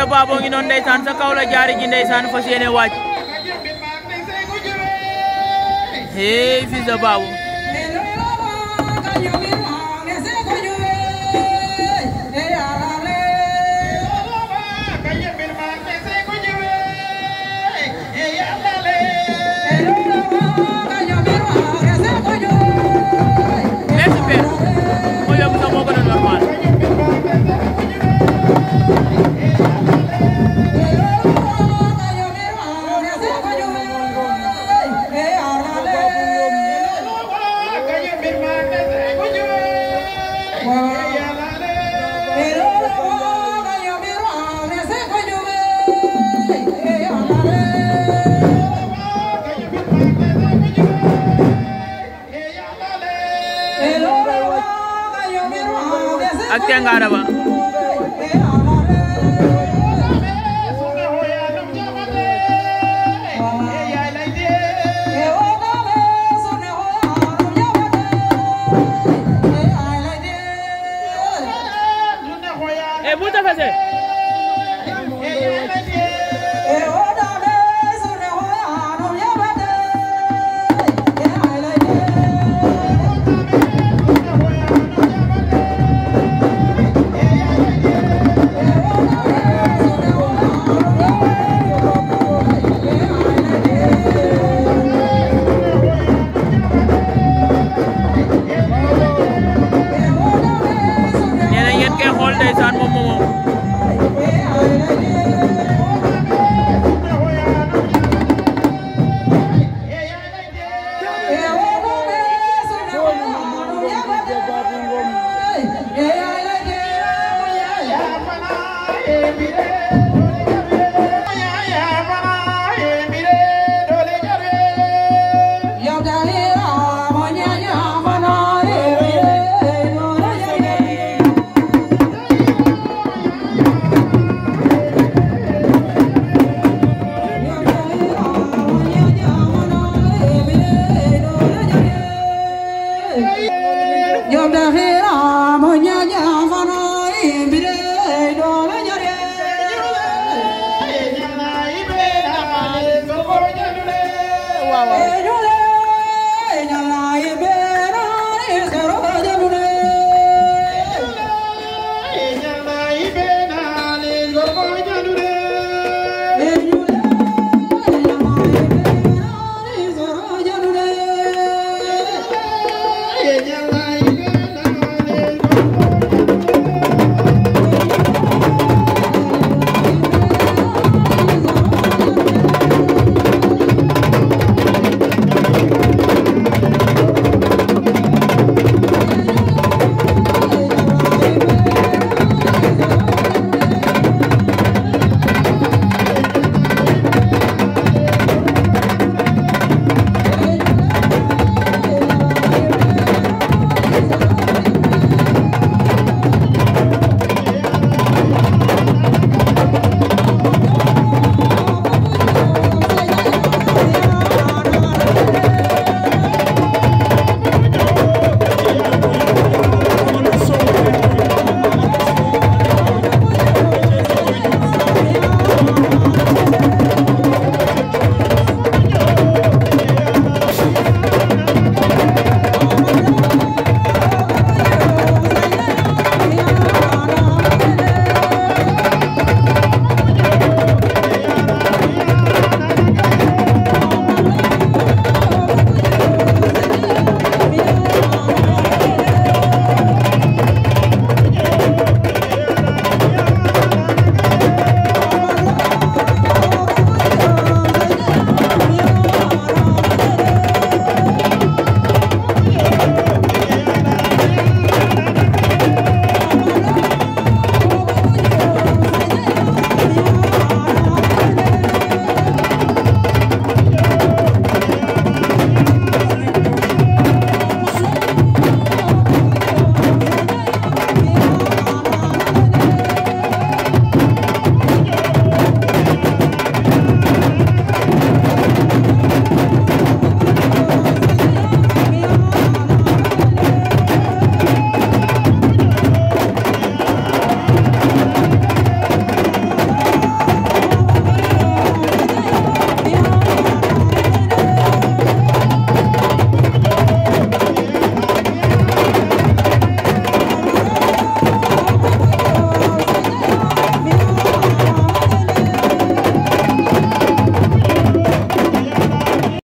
sa baaboo ngi Ngada ba ndeysaan San, momo, Yeah.